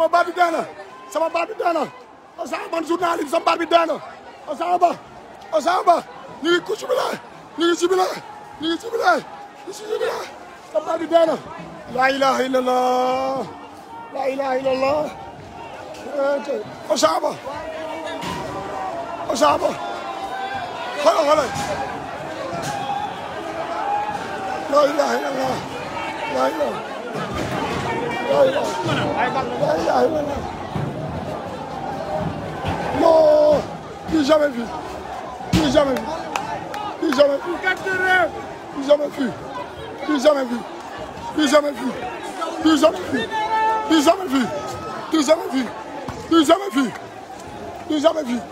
sama babi dana sama babi dana dee na man journaliste sama baat bi dee na Ousmane Ba Ousmane Ba ñu ngi ku sibile ngi sibila ñi ngi sibila ñu sibile sama babi dana la ilaha illallah la ilaha illallah Ousmane Ba hala hala la ilaha illallah la ilaha Non, plus jamais vu. Plus jamais vu. Plus jamais vu. Plus jamais vu. Plus jamais vu. Plus jamais vu. Plus jamais vu. Plus jamais vu. Plus jamais vu. Plus jamais vu. Plus jamais vu. Plus jamais vu.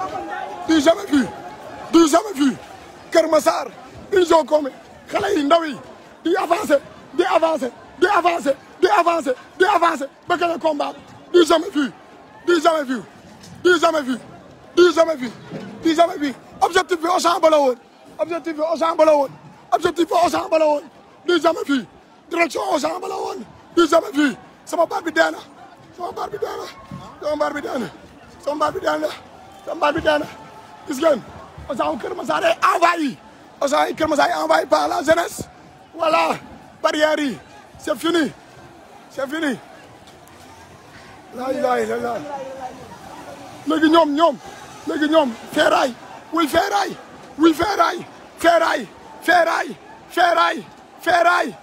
Plus jamais vu. ils ont de avancer de avancer ba gagné combat du jamais vu du jamais vu du jamais vu du jamais vu du jamais vu objectif au Auchan la objectif au Auchan la objectif au Auchan Ba la du jamais vu direction au Ba la woon du jamais vu sama baat bi dee na sama baat bi dee na sama baat bi dee na sama baat bi dee na sama baat bi dee na gis ngeen envahi par la jeunesse voilà barrière c'est fini c'est fini. laa là. illallaah Le Oui Ferraille. Oui, Ferraille. ferraille. ferraille. feeraay ferraille. Ferraille. Ferraille. Ferraille.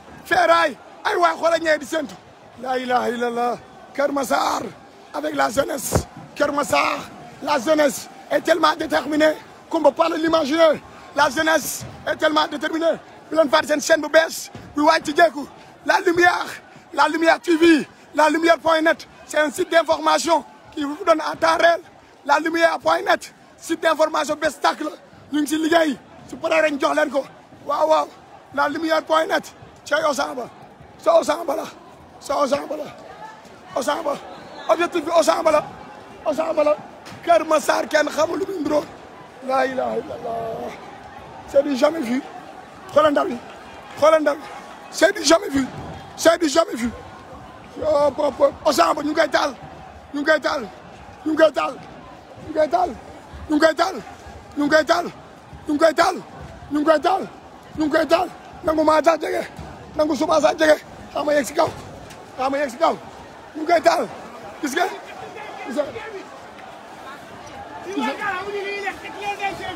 Ferraille. Ferraille. avec la jeunesse la jeunesse est tellement déterminée qu'on ne peut pas l'imaginer la jeunesse est tellement déterminée bu leen faire une chaîne de baisse. la lumière la Lumière TV, la Lumière.net, c'est un site d'information qui vous donne en temps réel. La Lumière.net, site d'information bestacle. ñu ngi si liggéey su paree jox leen ko la Lumière point net ca Osamba c'est Osamba la sa Osamba la Osamba objectif Osamba la Osamba la Cœur Massar Ken, xamul lu muy nduróo laa ilaha c'est du jamais vu xoolal ndaw c'est du jamais vu c'est du jamais vu Auchan ba ñu ngi koy taal ñu ngi koy taal ñu ngi koy taal ñu ngi koy taal ñu ngi koy taal ñu ngi koy taal ñu ngi koy taal ñu ngi koy taal ñu ngi koy taal nangu maa sax jege nangu suma sax jege xaa ma yegg si kaw xaa ma yegg si kaw ñu ngi koy taal gis nga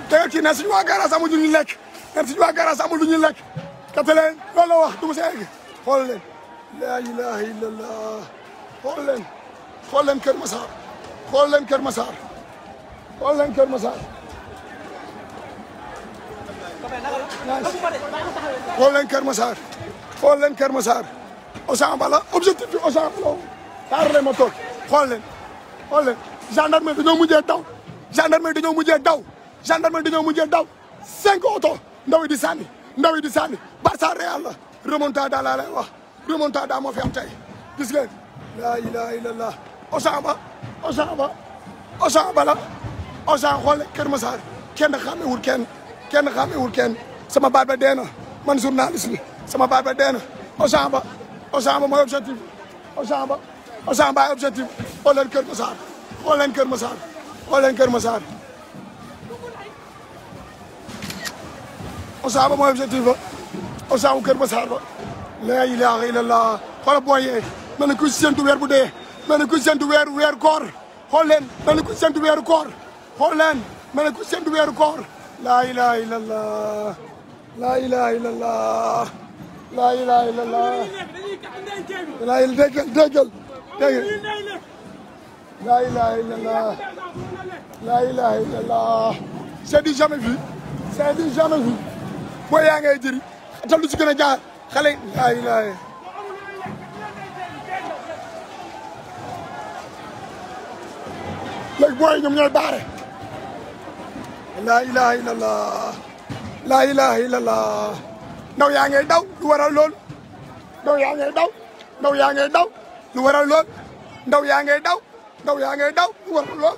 dégg kii ne suñu waa garage amul lu ñu lekk ne suñu waa garage amul lu ñu lekk kate leen loolu la wax du mu see egg xool leen laa ilaha illallah xool leen xool leen Kër Massar xool leen Kër Massar xool leen Kër Massar xool leen Kër Massar xool leen Kër Massar Auchan Bala objectif bi Auchan Bala taar leen ma toog xool leen xool leen gendarmerie dañoo mujjee daw gendarmerie dañoo mujjee daw gendarmerie dañoo mujjee daw cinq oto ndaw yi di sànni ndaw yi di sànni Barça Real la remontada laa lay wax remontada moo fi am tey gis ngeen la ilaha illallah Auchan ba Auchan la Auchan ba la Auchan xool Kër Massar kenn xàmmewul kenn kenn xàmmewul kenn sama baat ba dee na man journaliste bi sama baat ba dee na Auchan ba Auchan ba mooy objectif Auchan ba Auchan ba objectif xool leen Kër Massar xool leen Kër Massar xool leen Kër Massar Auchan ba mooy objectif ba Auchan wu Kër Massar ba laa ilaha illallah xoolal booy yee mel na ku weer bu dee mel na ku séntu weeru weeru koor xool leen mel na ku séntu weeru koor xool leen mel na ku weeru koor laa ilaha illallah laa ilaha illallah laa ilaha illallah laa il déggal déggal déggal laa ilaha illallah laa ilaha illallah ci gën xale ay laay léegi booy ñoom ñooy baare laa ilaha illallah laa ilaha illallah ndaw yaa ngay daw lu waral lool ndaw yaa ngay daw ndaw yaa ngay daw lu waral lool ndaw yaa ngay daw ndaw yaa ngay daw lu waral lool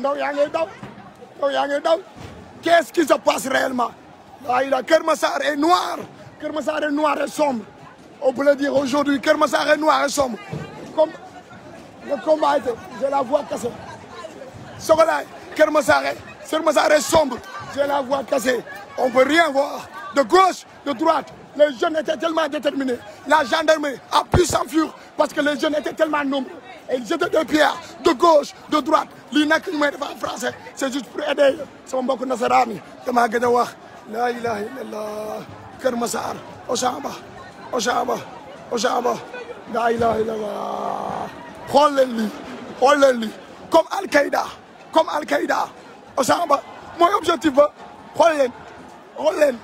ndaw yaa ngay daw ndaw yaa ngay daw qu'est-ce qui se passe réellement laa ilaha Kër Massar est noir Kermassar est noir et sombre. On peut le dire aujourd'hui, Kermassar est noir et sombre. Comme le combat était, j'ai la voix cassée. Sokolai, Kermassar est sombre, j'ai la voix cassée. On ne peut rien voir. De gauche, de droite, les jeunes étaient tellement déterminés. La gendarmerie a pu s'enfuir parce que les jeunes étaient tellement nombreux. ils étaient des pierres, de gauche, de droite. L'inacument en français, c'est juste pour aider. C'est mon beaucoup de Nasarani. Je vais vous la ilaha illallah. Kër osamba, osamba. Ousama Ousama laa ilaaha illallah xool leen comme Al-Qaïda comme Al-Qaïda Osamba, mon objectif ba xool leen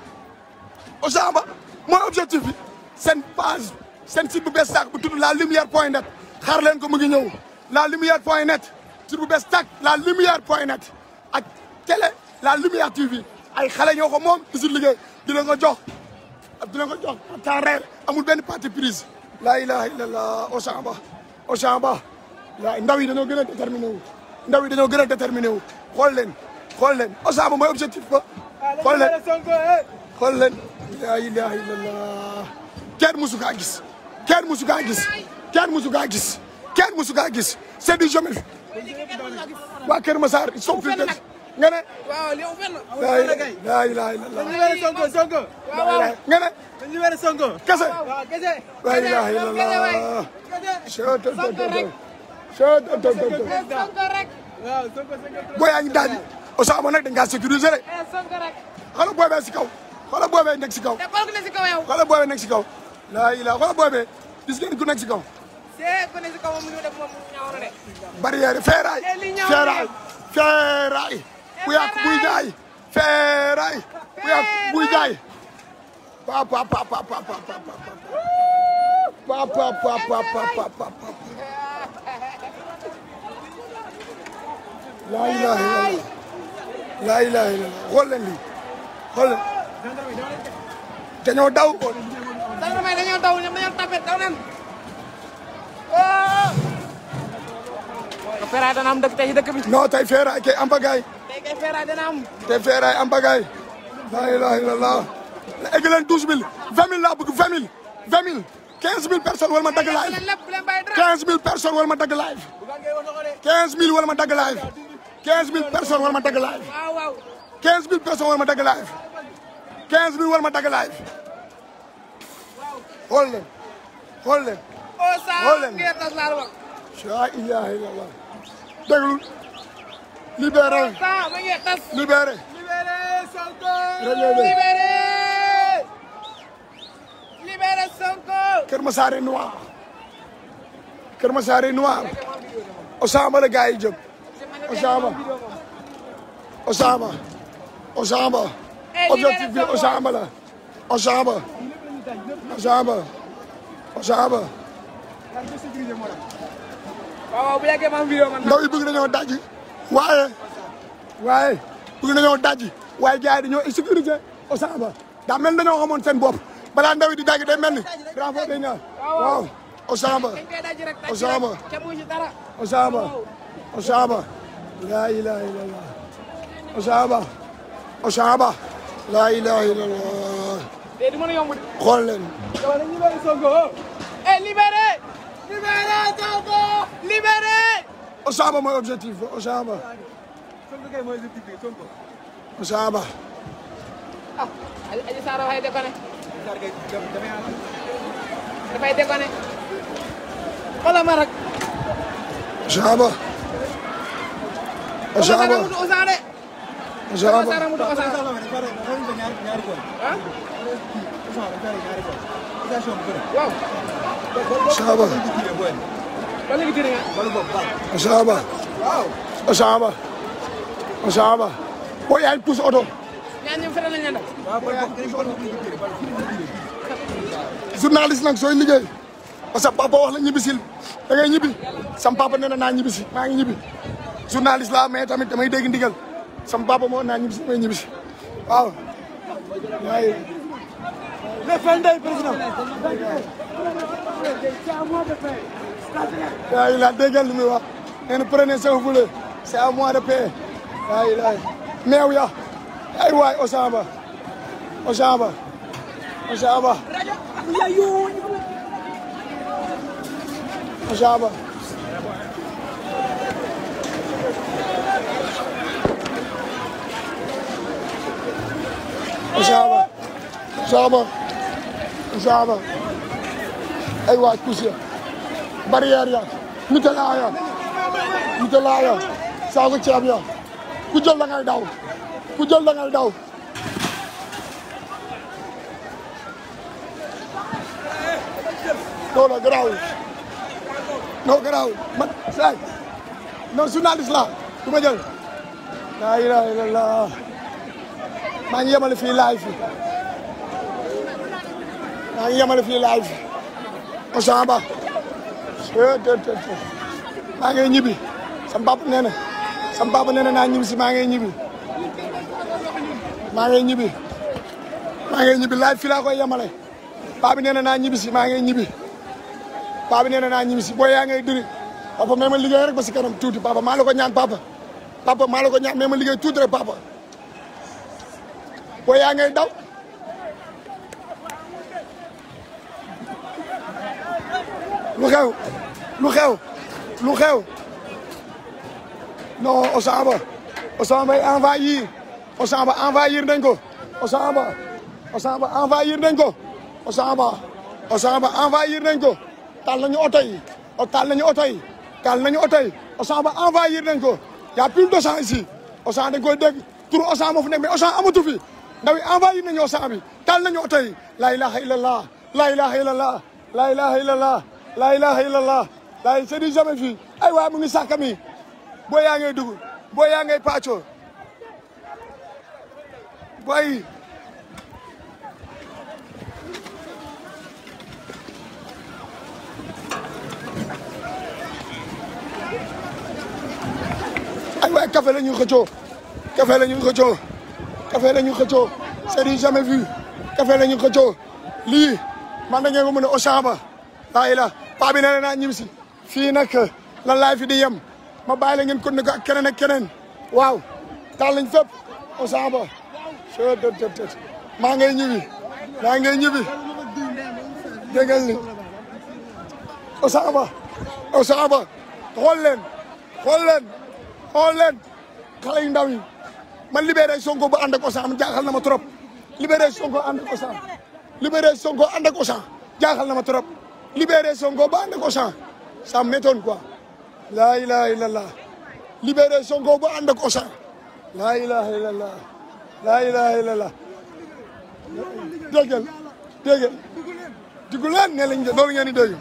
mon objectif bi seen page seen site bu de bu tudd la lumière point net xaar comme ko la lumière point net site bu bees la lumière point net ak télé la lumière TV ay xale ñoo ko moom di si liggéey dina jox dina ko jox temps réel amul benn parti prise laa ilaha illallah Auchan Ba Auchan Ba waaw ndaw yi dañoo gën a déterminé wu ndaw yi dañoo gën a déterminé wu xool leen xool leen Auchan Ba mooy objectif ba xool leen xool leen laa ilaha illallah kenn musu kaa gis kenn musu kaa gis kenn musu kaa gis kenn musu kaa gis c'est du jamais waa Kër Massar ils sont filtres nga ne. waaw yow fenn. amul fenn kay daay daay daay. dañu libéré Sonko Sonko. waaw waaw nga ne. dañu libéré Sonko. kese waaw kese. waay waay waay kese. Sonko rek. Sonko rek. waaw Sonko Sonko. booy yaa ngi daal di Osama nag dañu kaa sécuriser rek. Eh, Sonko rek. xoolal booy bee si kaw. xoolal booy bee nekk si kaw. te eh, kooku ne si kaw yow. xoolal booy bee nekk si kaw. laa yi laa xoolal booy bee gis ngeen ku nekk si kaw. see eh, ku nekk si kaw moom mu ñëw def moom mu ñaaw rek. barrière feeraay. feeraay feeraay. bu yàq buy jaay feeraay bu yàq laa ilaaha laa ilaaha illallaah leen lii xool leen dañoo daw daw ñoom dañoo tapé daw nañ feeraay dana am dëkk tey dëkk bi non te feeraay am bagaay laa ilaha illallah la egg mille vingt mille laa bëgg vingt mille vingt mille quinze mille personnes wala ma dagg live quinze mille personnes ma dagg live quinze mille wala ma dagg live quinze mille personnes ma dagg live quinze mille personnes ma dagg live quinze mille wala ma dagg live xool leen xool leen xool leen laa ilaha illallah libéré libéré libéré Sonko Kër Masar est noir Kër Masar est noir Osamba la gars yi jóg Osamba Osamba Osamba eh, objectif bi Osamba la Osamba Osamba Osamba ndaw yi bëgg nañoo daj waaye waaye bëgg nañoo dajji waaye gars yi dañoo insécurité Osamba daa mel dañoo xamoon seen bopp balaa ndaw yi di dajji mel ni grand fort day ñaar waaw Osamba laa ilaha illallah Osamba laa ilaha illallah xool leen oh. eh, libéré libéré Sonko libéré Osama mooy objectif ba Osama. Osama. ah Adji Sarr dafay déconné. dafay déconné. xoolal ma rek. Osama. Osama Osama. Osama. Masamba Masamba Masamba boo yaay pousse oto. journaliste nag sooy liggéey parce que papa wax la ñibbisil da ngay ñibbi sam papa nee na naa ñibisi maa ngi ñibbi journaliste la mais tamit damay dégg ndigal sam papa moo naa ñibbisi damay ñibbisi waaw. le La ilaha déggal lu meu, wax nee na prenez ce é vous voulez c'est à moi de payer é ilaha meew ya ay waay Auchan ba Auchan ba Auchan ba Auchan ba Auchan ba Auchan ba Auchan barrière ya nutelaa ya nutelaa ya saaku ceeb ya ku jël da daw ku jël da daw non non garaawul non garaawul man say la du ma laa ilaha illallah maa ngi yemale fii live fi maa ngi yemale fii live fi Ousmane te nyibi, sampap maa sampap ñibbi sama papa nee na sama papa nee na naa ñibbi si maa ngi ñibbi maa ngi ñibbi maa ngi ñibbi laaj fii laa koy yemale paa bi nee papa mais ma rek ba si kanam papa maa la papa papa maa la ko ñaan mais ma liggéey tuuti papa booy yaa lu xew lu xew lu xew non Osamba Osamba envahir Osamba envahir nañ ko Osamba Osamba envahir nañ ko Osamba Osamba envahir nañ ko taal nañu oto yi taal nañu oto yi taal nañu oto yi Osamba envahir nañ ko y a plus de sang ici Osamba dañ koy dégg turu Osamba nekk mais Osamba amatu fi ndaw yi envahir nañu Osamba bi taal nañu oto yi la ilaha illallah la ilaha waaye c'est du jamais fii mu ngi sax kami boo yaa ngay dugg boo yaa ngay pàccoo booy ay waay café la ñu xëccoo café la ñu xëccoo café la ñu xëccoo c'est du jamais la ñu xëccoo lii man da ngeen ko mën a Auchan ba laa la paa bi nee naa ñibbi si fii nag uh, lan laay fi di yem ma bàyyi la ngeen ko ak keneen ak keneen waaw taal lañ fépp Ousmane maa ngay ñibbi maa ngay ñibbi déggal ni Ousmane Ba Ousmane xool leen xool leen xool leen xale yu ndaw yi man libéré Sonko ba ànd ak Ousmane jaaxal na ma trop libéré Sonko ànd ak Ousmane libéré Sonko ànd jaaxal na ma trop libéré Sonko ba ànd ak Ousmane ça m'étonne quoi laa ilaha illallah Libération Sonko ba là. ak osa laa ilaha illallah là. ilaha illallah déggal déggal dugg ne lañ ngeen di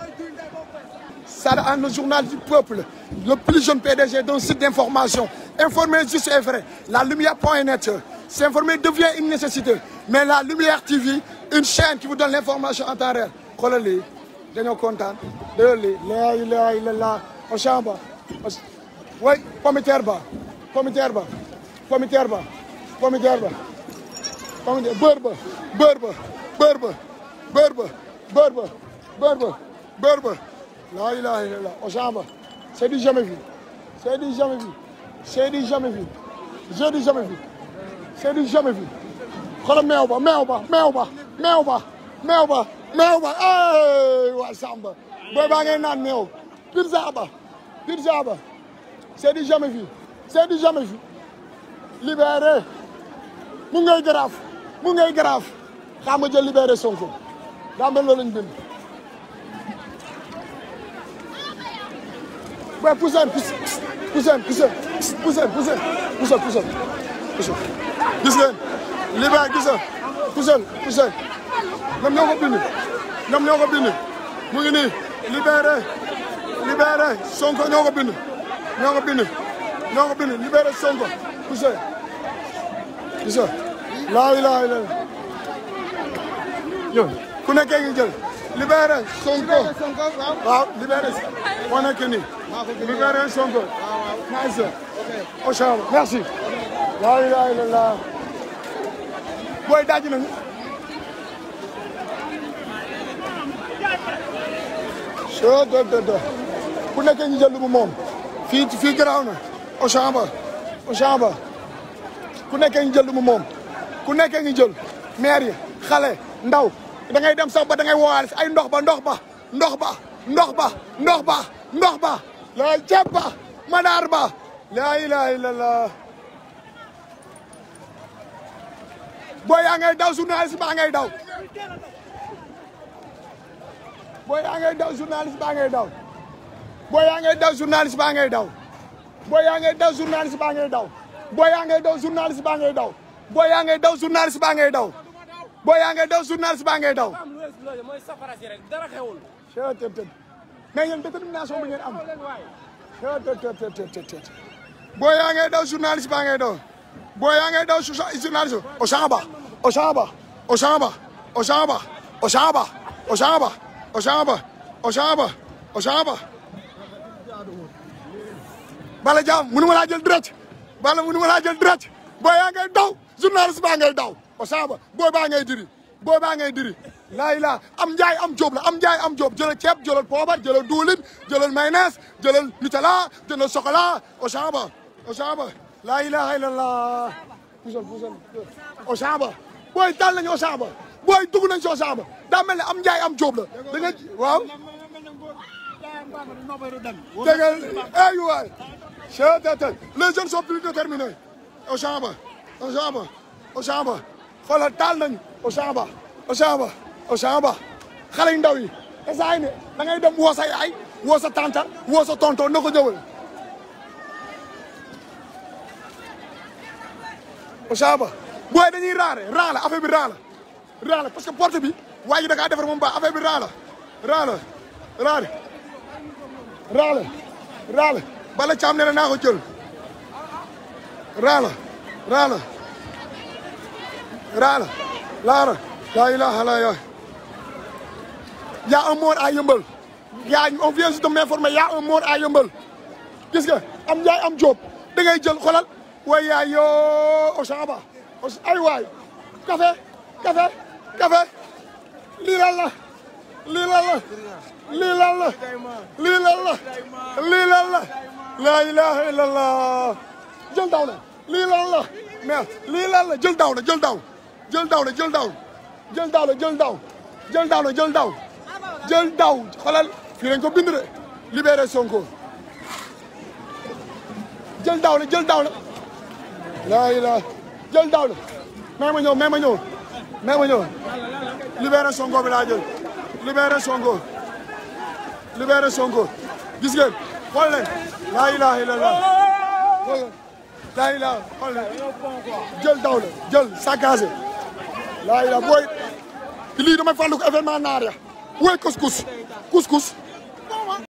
ça le journal du peuple le plus jeune PDG d'un site d'information informer juste et vrai la Lumière.net, s'informer devient une nécessité mais la lumière TV une chaîne qui vous donne l'information en temps réel tenho kontaan dañoo lii laa ilaaha illallah Auchan ba way pomiteer ba pomiteer ba pomiteer ba pomiteer ba pomiteer bër ba bër ba bër ba bër ba bër ba o chamba, bër ba jamais vu c'est du jamais vu c'est du jamais vu c'est du jamais vu c'est du jamais vu xoolal Melba, Melba, Melba, Melba, Melba. Merhaba. Hey vay Samba. Boy baa ngay naan meew. Pire Samba. Pire Samba. C'est du jamais vu. C'est du jamais vu. Libéré. mu ngay garaaf. mu ngay garaaf. xam nga jël libéré Sonko. daa mel loolu lañ bind. boy pousseur pousseur pousseur pousseur pousseur pousseur pousseur pousseur. gis ngeen libéré gis ngeen pousseur pousseur. lam ñoo ko bind lam ñoo ko bind mu ngi nii libéré libéré Sonko ñoko ko bind ñoo ko bind ñoo ko bind libéré Sonko pousse pousse laa ilaaha illallaah ñoom ku nekkee ngi jël libéré Sonko waaw libéré mo nekk nii libéré Sonko waaw nice ok Ocha merci la ilaaha illallaah booy daaj nañu bu nekkee ñu jël lu mu moom fii fii garaaw na Auchan ba Auchan ba ku nekkee ñu jël lu moom ku nekkee ñu jël maire yi xale ndaw dangay dem sax ba da ngay woowaale si ay ndox ba ndox ba ndox ba ndox ba ndox ba ndox ba la ceeb ba madaar ba laa ilaha illallah boo yaa ngay daw journaliste baa ngay daw booy yaa ngay daw journaliste baa ngay daw booy yaa ngay daw journaliste baa ngay daw booy yaa ngay daw journaliste baa ngay daw booy yaa ngay daw journaliste baa ngay daw booy yaa ngay daw journaliste baa ngay daw booy yaa ngay daw journaliste baa ngay daw mais yéen détermination bi ngeen am booy yaa ngay daw journaliste baa ngay daw booy yaa ngay daw journaliste Auchan ba Auchan ba Auchan ba Auchan ba Auchan ba Auchan ba O jamba o jamba o jamba bala jaam mënu ma laa jël direct bala mënu ma laa jël direct booy yaa ngay daw journaliste baa ngay daw o jamba booy baa ngay diri booy baa ngay diri laay laa am njaay am joob la am njaay am joob jëlal ceeb jëlal poobar jëlal duulin jëlal mayonnaise jëlal Nutella jëlal chocolat o jamba o jamba laa ilaha illallah pusal pusal o jamba booy tal nañu o jamba booy dugg nañ soo saama daa mel ne am njaay am jóob la da nga waaw déggal ay eh, waay cetatan les jeunes sont plus déterminés au chamba au chamba taal nañ au chamba au chamba yu ndaw yi esaay ne da ngay dem woo sa yaay woo tanta woo tonton na ko ñëwal au chamba booy dañuy raare raa la bi raa raa la parce que porte bi waa ji da kaa defar moom baax affaire bi raa la raa bala caam nee na naa jël raa la raa la raa la laara laa ilaha la ya y'a un mort yaa on vient juste de m'informer y'a un mort à am yaay am joob da jël xolal way yaay yo o saaba ay waay café café kafe lii lan la lii lan la lii lan la lii lan la lii lan la laa ilaha illallah jël daaw na lii lan la mais lii lan la jël daaw na jël daaw jël daaw na jël daaw jël daaw na jël daaw jël daaw na jël daaw jël daaw xoolal fii lañ ko bind de libéré Sonko jël daaw na jël daaw na laa ilaha jël daaw na mais ma ñëw mais ma ñëw mais ma ñëw libéré Sonko bi laa jël libéré Sonko libéré Sonko gis ngeen xool laa ilaha jël daw la jël saccagé laa ilaha booy lii damay fàllu ko événement naar ya wooy kus kus